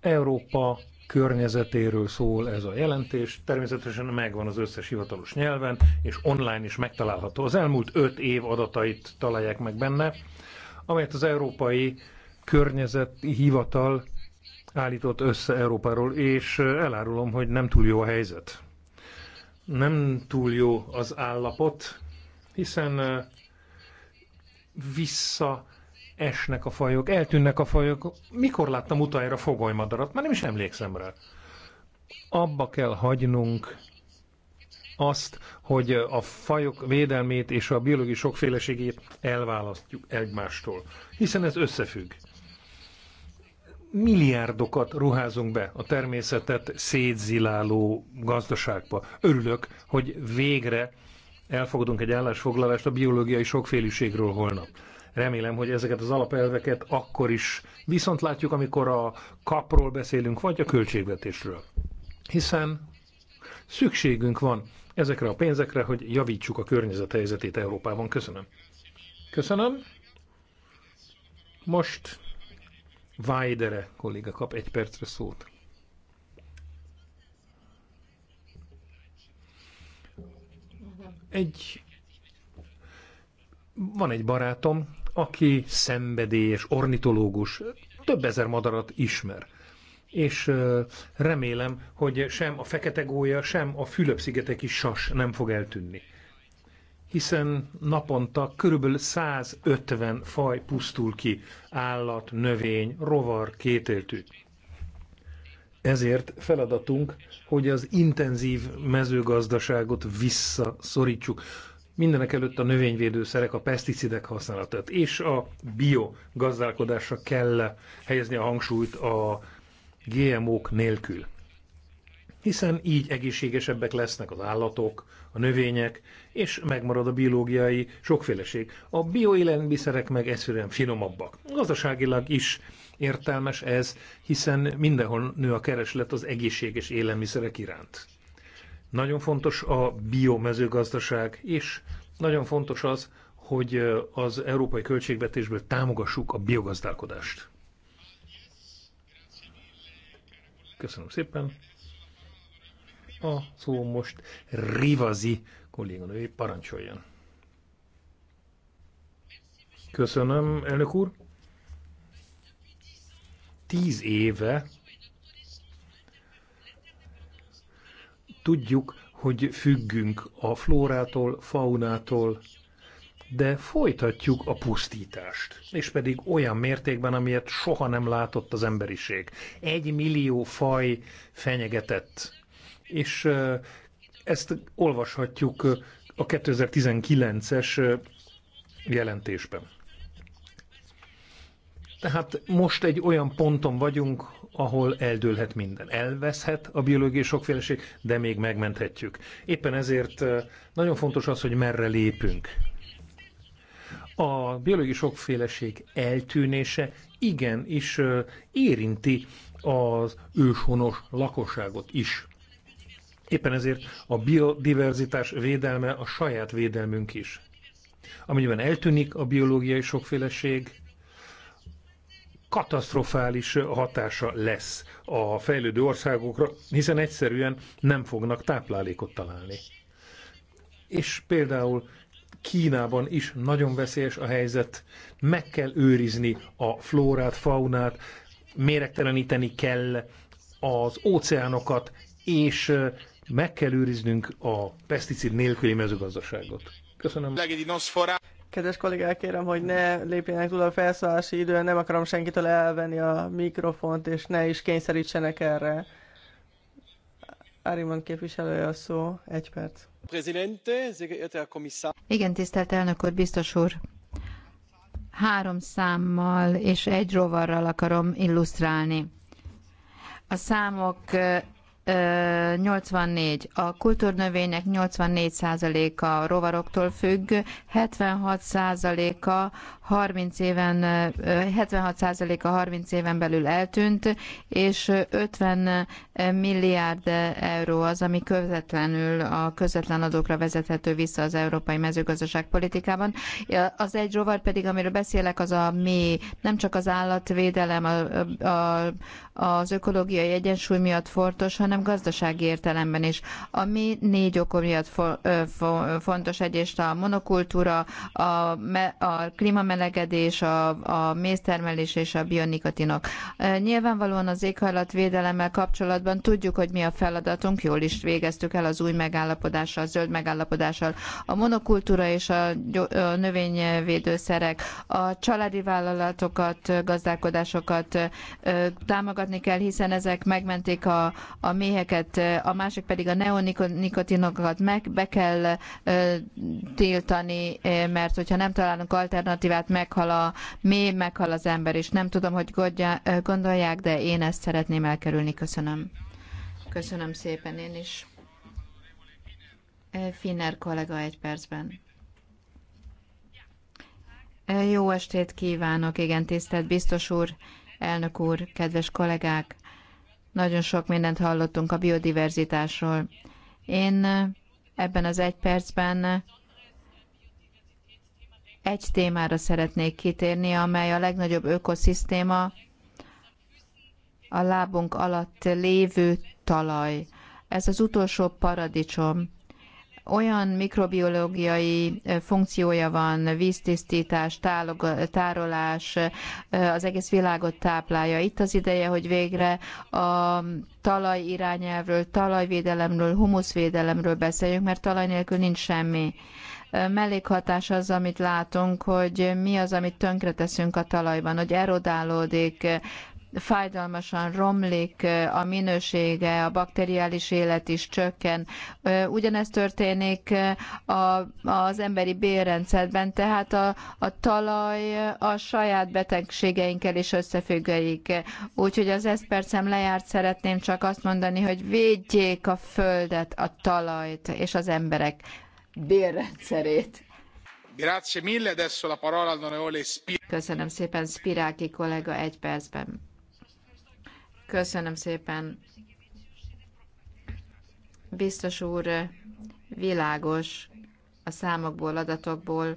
Európa környezetéről szól ez a jelentés. Természetesen megvan az összes hivatalos nyelven, és online is megtalálható. Az elmúlt öt év adatait találják meg benne, amelyet az Európai Környezeti Hivatal állított össze Európáról, és elárulom, hogy nem túl jó a helyzet. Nem túl jó az állapot, hiszen vissza esnek a fajok, eltűnnek a fajok. Mikor láttam utoljára fogolymadarat? Már nem is emlékszem rá. Abba kell hagynunk azt, hogy a fajok védelmét és a biológiai sokféleségét elválasztjuk egymástól, hiszen ez összefügg. Milliárdokat ruházunk be a természetet szétziláló gazdaságba. Örülök, hogy végre elfogadunk egy állásfoglalást a biológiai sokféliségről holnap. Remélem, hogy ezeket az alapelveket akkor is viszont látjuk, amikor a kapról beszélünk, vagy a költségvetésről. Hiszen szükségünk van ezekre a pénzekre, hogy javítsuk a környezet helyzetét Európában. Köszönöm. Köszönöm. Most vájdere, kolléga kap egy percre szót. Egy van egy barátom, aki szenvedélyes, ornitológus, több ezer madarat ismer. És remélem, hogy sem a fekete gólya, sem a Fülöp-szigeteki sas nem fog eltűnni. Hiszen naponta körülbelül 150 faj pusztul ki, állat, növény, rovar, kétéltű. Ezért feladatunk, hogy az intenzív mezőgazdaságot visszaszorítsuk. Mindenek előtt a növényvédőszerek, a peszticidek használatát és a biogazdálkodásra kell helyezni a hangsúlyt a GMO-k nélkül. Hiszen így egészségesebbek lesznek az állatok, a növények, és megmarad a biológiai sokféleség. A bioélelmiszerek meg egyszerűen finomabbak. Gazdaságilag is értelmes ez, hiszen mindenhol nő a kereslet az egészséges élelmiszerek iránt. Nagyon fontos a biomezőgazdaság, és nagyon fontos az, hogy az európai költségvetésből támogassuk a biogazdálkodást. Köszönöm szépen. A szó most Rivazi kolléganői parancsoljon. Köszönöm, elnök úr. Tíz éve Tudjuk, hogy függünk a flórától, faunától, de folytatjuk a pusztítást, és pedig olyan mértékben, amilyet soha nem látott az emberiség. Egy millió faj fenyegetett, és ezt olvashatjuk a 2019-es jelentésben. Tehát most egy olyan ponton vagyunk, ahol eldőlhet minden. Elveszhet a biológiai sokféleség, de még megmenthetjük. Éppen ezért nagyon fontos az, hogy merre lépünk. A biológiai sokféleség eltűnése igenis érinti az őshonos lakosságot is. Éppen ezért a biodiverzitás védelme a saját védelmünk is. Amennyiben eltűnik a biológiai sokféleség, katasztrofális hatása lesz a fejlődő országokra, hiszen egyszerűen nem fognak táplálékot találni. És például Kínában is nagyon veszélyes a helyzet, meg kell őrizni a flórát, faunát, méregteleníteni kell az óceánokat, és meg kell őriznünk a peszticid nélküli mezőgazdaságot. Köszönöm. Kedves kollégák, kérem, hogy ne lépjenek túl a felszólási időn, nem akarom senkitől elvenni a mikrofont, és ne is kényszerítsenek erre. Árimond képviselő a szó, egy perc. Igen, tisztelt elnök úr, biztos úr. Három számmal és egy rovarral akarom illusztrálni. A számok 84. A kultúrnövények 84%-a rovaroktól függ, 76%-a 30 éven, 76%-a 30 éven belül eltűnt, és 50 milliárd euró az, ami közvetlenül a közvetlen adókra vezethető vissza az európai mezőgazdaság politikában. Az egy rovar pedig, amiről beszélek, az a mi nem csak az állatvédelem, a, a, az ökológiai egyensúly miatt fontos, hanem gazdasági értelemben is. A mi négy okom miatt fontos, egyrészt a monokultúra, a, a klímamezőgazdaság, felmelegedés, a, a méztermelés és a bionikotinok. E, nyilvánvalóan az éghajlatvédelemmel kapcsolatban tudjuk, hogy mi a feladatunk, jól is végeztük el az új megállapodással, a zöld megállapodással. A monokultúra és a, a növényvédőszerek, a családi vállalatokat, gazdálkodásokat támogatni kell, hiszen ezek megmentik a, a méheket, a másik pedig a neonikotinokat meg be kell tiltani, mert hogyha nem találunk alternatívát, tehát meghal a mély, meghal az ember is. Nem tudom, hogy gondolják, de én ezt szeretném elkerülni. Köszönöm. Köszönöm szépen én is. Finner kollega egy percben. Jó estét kívánok, igen, tisztelt biztos úr, elnök úr, kedves kollégák. Nagyon sok mindent hallottunk a biodiverzitásról. Én ebben az egy percben egy témára szeretnék kitérni, amely a legnagyobb ökoszisztéma a lábunk alatt lévő talaj. Ez az utolsó paradicsom. Olyan mikrobiológiai eh, funkciója van, víztisztítás, tárolás, eh, az egész világot táplálja. Itt az ideje, hogy végre a talaj irányelvről, talajvédelemről, humuszvédelemről beszéljünk, mert talaj nélkül nincs semmi mellékhatás az, amit látunk, hogy mi az, amit tönkreteszünk a talajban, hogy erodálódik, fájdalmasan romlik a minősége, a bakteriális élet is csökken. Ugyanezt történik a, az emberi bélrendszerben, tehát a, a talaj a saját betegségeinkkel is összefüggelik. Úgyhogy az ezt percem lejárt, szeretném csak azt mondani, hogy védjék a földet, a talajt és az emberek bérrendszerét. Köszönöm szépen, Spiráki kollega egy percben. Köszönöm szépen. Biztos úr, világos a számokból, adatokból,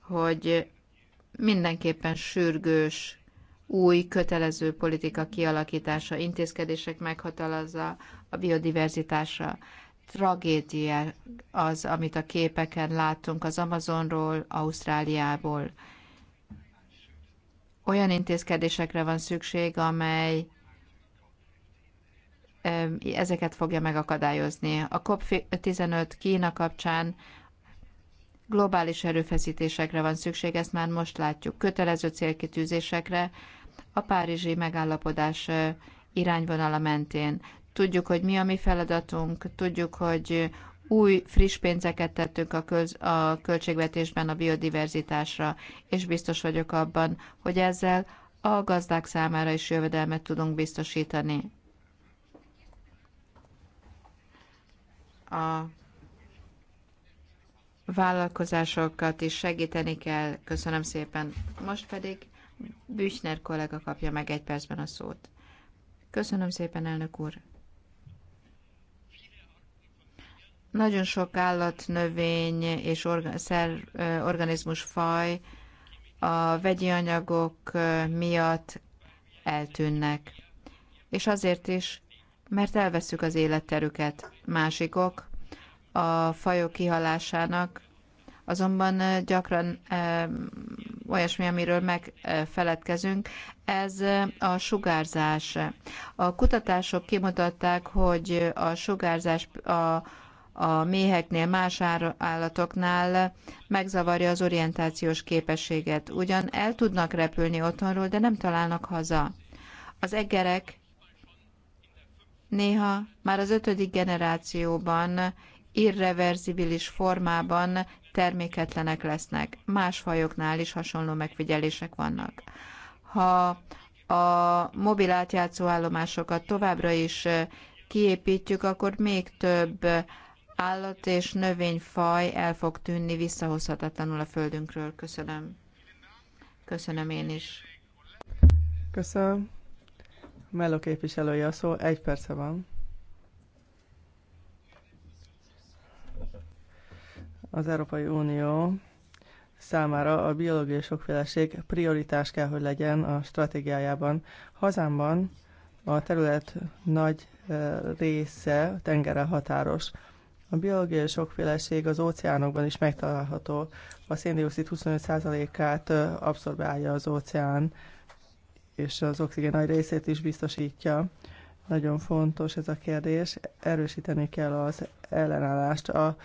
hogy mindenképpen sürgős új kötelező politika kialakítása, intézkedések meghatalazza a biodiverzitásra tragédia az, amit a képeken láttunk az Amazonról, Ausztráliából. Olyan intézkedésekre van szükség, amely ezeket fogja megakadályozni. A COP15 Kína kapcsán globális erőfeszítésekre van szükség, ezt már most látjuk, kötelező célkitűzésekre, a párizsi megállapodás irányvonala mentén. Tudjuk, hogy mi a mi feladatunk, tudjuk, hogy új, friss pénzeket tettünk a, köz, a költségvetésben a biodiverzitásra, és biztos vagyok abban, hogy ezzel a gazdák számára is jövedelmet tudunk biztosítani. A vállalkozásokat is segíteni kell. Köszönöm szépen. Most pedig Büchner kollega kapja meg egy percben a szót. Köszönöm szépen, elnök úr. Nagyon sok állat, növény és orga, szer, a vegyi anyagok miatt eltűnnek. És azért is, mert elveszük az életterüket. Másikok a fajok kihalásának azonban gyakran olyasmi, amiről megfeledkezünk, ez a sugárzás. A kutatások kimutatták, hogy a sugárzás a a méheknél, más állatoknál megzavarja az orientációs képességet. Ugyan el tudnak repülni otthonról, de nem találnak haza. Az egerek néha már az ötödik generációban irreverzibilis formában terméketlenek lesznek. Más fajoknál is hasonló megfigyelések vannak. Ha a mobil átjátszó állomásokat továbbra is kiépítjük, akkor még több állat és növényfaj el fog tűnni visszahozhatatlanul a földünkről. Köszönöm. Köszönöm én is. Köszönöm. Melo képviselője a szó, egy perce van. Az Európai Unió számára a biológiai sokféleség prioritás kell, hogy legyen a stratégiájában. Hazámban a terület nagy eh, része tengerrel határos. A biológiai sokféleség az óceánokban is megtalálható. A széndiokszid 25%-át abszorbálja az óceán, és az oxigén nagy részét is biztosítja. Nagyon fontos ez a kérdés. Erősíteni kell az ellenállást. A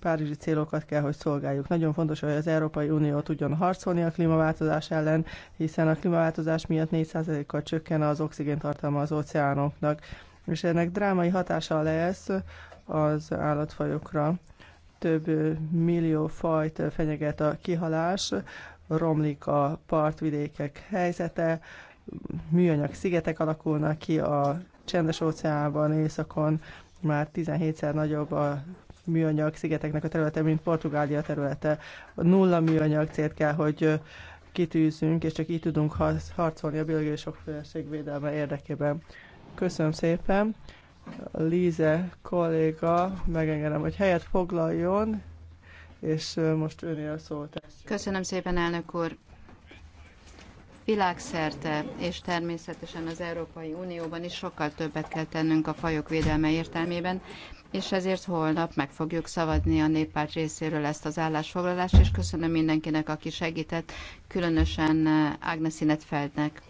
párizsi célokat kell, hogy szolgáljuk. Nagyon fontos, hogy az Európai Unió tudjon harcolni a klímaváltozás ellen, hiszen a klímaváltozás miatt 4%-kal csökken az oxigén tartalma az óceánoknak és ennek drámai hatása lesz az állatfajokra. Több millió fajt fenyeget a kihalás, romlik a partvidékek helyzete, műanyag szigetek alakulnak ki a csendes óceánban, északon, már 17-szer nagyobb a műanyag szigeteknek a területe, mint Portugália területe. Nulla műanyag célt kell, hogy kitűzünk, és csak így tudunk harcolni a biológiai védelme érdekében. Köszönöm szépen. Líze kolléga, megengedem, hogy helyet foglaljon, és most önél a szót. Köszönöm szépen, elnök úr. Világszerte, és természetesen az Európai Unióban is sokkal többet kell tennünk a fajok védelme értelmében, és ezért holnap meg fogjuk szavadni a néppárt részéről ezt az állásfoglalást, és köszönöm mindenkinek, aki segített, különösen Agnes Feldnek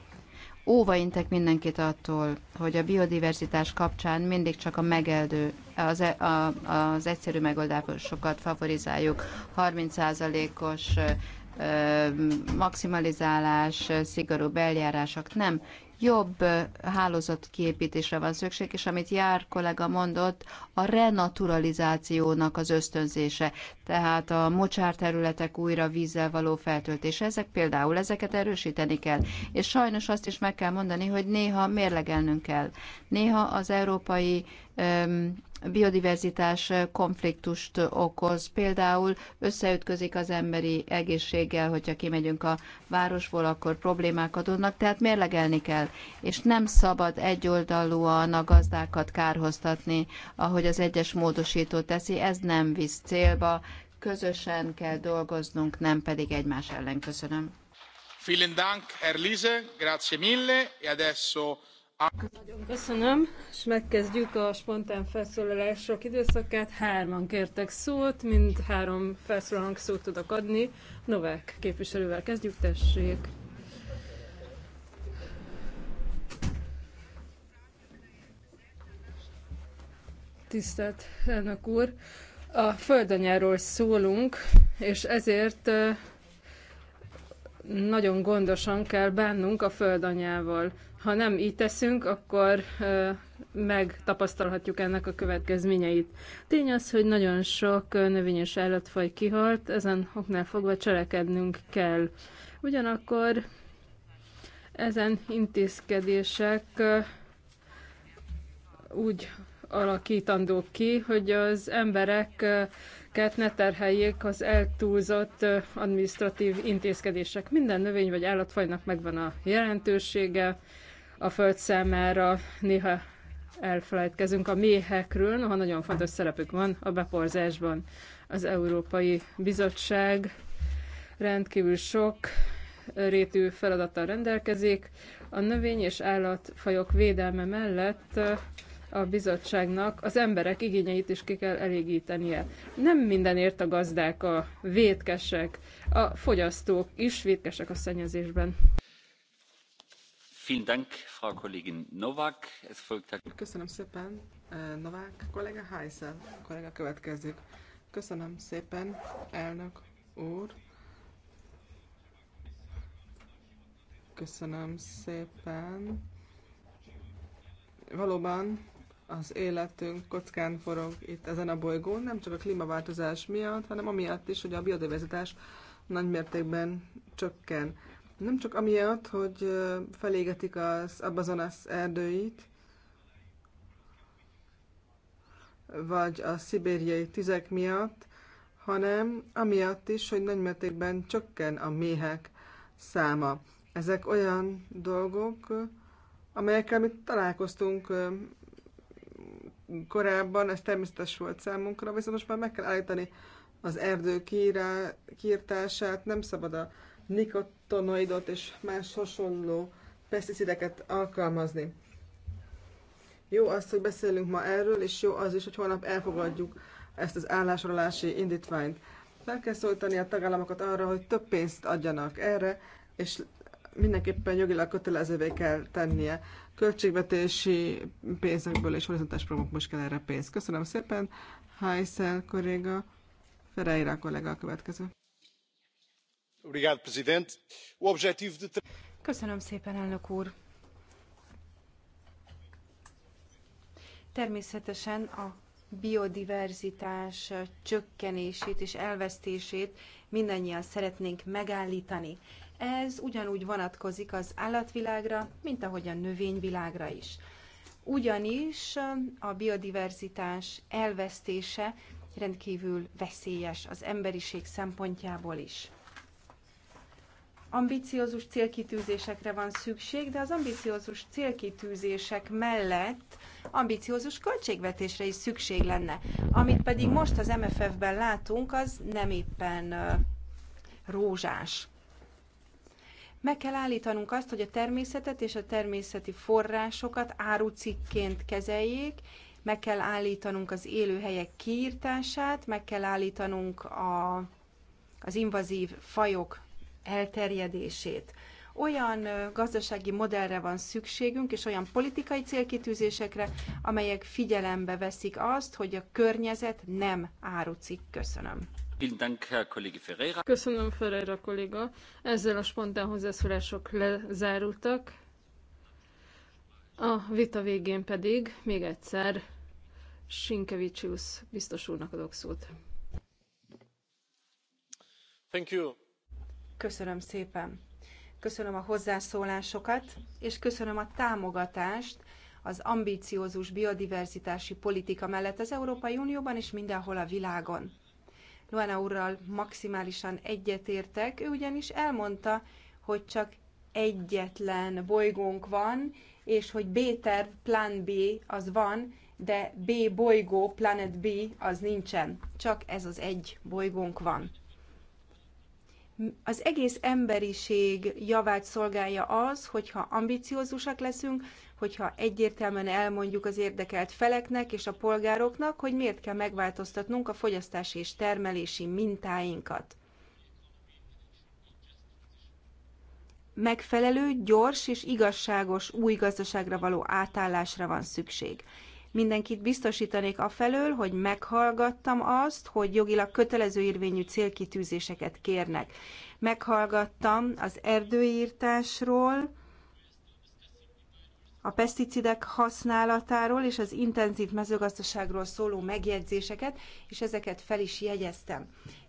óva intek mindenkit attól, hogy a biodiverzitás kapcsán mindig csak a megeldő, az, e, a, az egyszerű megoldásokat favorizáljuk. 30%-os maximalizálás, szigorú eljárások, nem. Jobb hálózat kiépítésre van szükség, és amit Jár kollega mondott, a renaturalizációnak az ösztönzése, tehát a mocsárterületek újra vízzel való feltöltése, ezek például, ezeket erősíteni kell. És sajnos azt is meg kell mondani, hogy néha mérlegelnünk kell. Néha az európai öm, biodiverzitás konfliktust okoz. Például összeütközik az emberi egészséggel, hogyha kimegyünk a városból, akkor problémák adódnak, tehát mérlegelni kell. És nem szabad egyoldalúan a gazdákat kárhoztatni, ahogy az egyes módosító teszi, ez nem visz célba, közösen kell dolgoznunk, nem pedig egymás ellen. Köszönöm. Vielen Dank, grazie mille, e adesso nagyon köszönöm, és megkezdjük a spontán felszólalások időszakát. Hárman kértek szót, mind három felszólalónk szót tudok adni. Novák képviselővel kezdjük, tessék. Tisztelt elnök úr! A földanyáról szólunk, és ezért nagyon gondosan kell bánnunk a földanyával. Ha nem így teszünk, akkor megtapasztalhatjuk ennek a következményeit. Tény az, hogy nagyon sok növényes állatfaj kihalt, ezen oknál fogva cselekednünk kell. Ugyanakkor ezen intézkedések úgy alakítandó ki, hogy az embereket ne terheljék az eltúlzott administratív intézkedések. Minden növény vagy állatfajnak megvan a jelentősége a föld számára, néha elfelejtkezünk a méhekről, noha nagyon fontos szerepük van a beporzásban. Az Európai Bizottság rendkívül sok rétű feladattal rendelkezik. A növény és állatfajok védelme mellett a bizottságnak az emberek igényeit is ki kell elégítenie. Nem mindenért a gazdák, a vétkesek, a fogyasztók is vétkesek a szennyezésben. Köszönöm szépen, eh, Novák kollega Heisel kollega következik. Köszönöm szépen, elnök úr. Köszönöm szépen. Valóban az életünk kockán forog itt ezen a bolygón, nem csak a klímaváltozás miatt, hanem amiatt is, hogy a biodiverzitás nagymértékben csökken. Nem csak amiatt, hogy felégetik az Abazonas erdőit, vagy a szibériai tüzek miatt, hanem amiatt is, hogy nagymértékben csökken a méhek száma. Ezek olyan dolgok, amelyekkel mi találkoztunk korábban ez természetes volt számunkra, viszont most már meg kell állítani az erdő kiirtását, nem szabad a nikotonoidot és más hasonló peszticideket alkalmazni. Jó az, hogy beszélünk ma erről, és jó az is, hogy holnap elfogadjuk ezt az állásolási indítványt. Fel kell szólítani a tagállamokat arra, hogy több pénzt adjanak erre, és mindenképpen jogilag kötelezővé kell tennie. Költségvetési pénzekből és horizontális programokból is kell erre pénz. Köszönöm szépen, Heisel kolléga, Ferreira kolléga a következő. Köszönöm szépen, elnök úr. Természetesen a biodiverzitás csökkenését és elvesztését mindannyian szeretnénk megállítani. Ez ugyanúgy vonatkozik az állatvilágra, mint ahogy a növényvilágra is. Ugyanis a biodiverzitás elvesztése rendkívül veszélyes az emberiség szempontjából is. Ambiciózus célkitűzésekre van szükség, de az ambiciózus célkitűzések mellett ambiciózus költségvetésre is szükség lenne. Amit pedig most az MFF-ben látunk, az nem éppen rózsás. Meg kell állítanunk azt, hogy a természetet és a természeti forrásokat árucikként kezeljék, meg kell állítanunk az élőhelyek kiírtását, meg kell állítanunk a, az invazív fajok elterjedését. Olyan gazdasági modellre van szükségünk, és olyan politikai célkitűzésekre, amelyek figyelembe veszik azt, hogy a környezet nem árucik. Köszönöm. Köszönöm, Ferreira kolléga. Ezzel a spontán hozzászólások lezárultak. A vita végén pedig még egyszer Sinkevicius biztos úrnak adok szót. Thank you. Köszönöm szépen. Köszönöm a hozzászólásokat, és köszönöm a támogatást az ambíciózus biodiverzitási politika mellett az Európai Unióban és mindenhol a világon. Luana úrral maximálisan egyetértek. Ő ugyanis elmondta, hogy csak egyetlen bolygónk van, és hogy B-terv, plan B az van, de B bolygó, planet B az nincsen. Csak ez az egy bolygónk van. Az egész emberiség javát szolgálja az, hogyha ambiciózusak leszünk, hogyha egyértelműen elmondjuk az érdekelt feleknek és a polgároknak, hogy miért kell megváltoztatnunk a fogyasztási és termelési mintáinkat. Megfelelő, gyors és igazságos új gazdaságra való átállásra van szükség mindenkit biztosítanék afelől, hogy meghallgattam azt, hogy jogilag kötelező érvényű célkitűzéseket kérnek. Meghallgattam az erdőírtásról, a peszticidek használatáról és az intenzív mezőgazdaságról szóló megjegyzéseket, és ezeket fel is jegyeztem.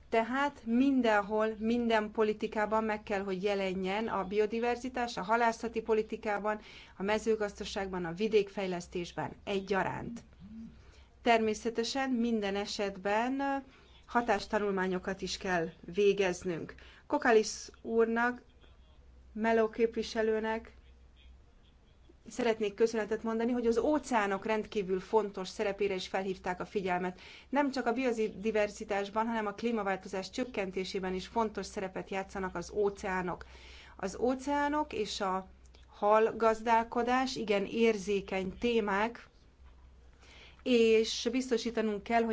Tehát mindenhol, minden politikában meg kell, hogy jelenjen a biodiverzitás, a halászati politikában, a mezőgazdaságban, a vidékfejlesztésben egyaránt. Természetesen minden esetben hatástanulmányokat is kell végeznünk. Kokalis úrnak, Meló képviselőnek szeretnék köszönetet mondani, hogy az óceánok rendkívül fontos szerepére is felhívták a figyelmet. Nem csak a biodiverzitásban, hanem a klímaváltozás csökkentésében is fontos szerepet játszanak az óceánok. Az óceánok és a halgazdálkodás igen érzékeny témák, és biztosítanunk kell, hogy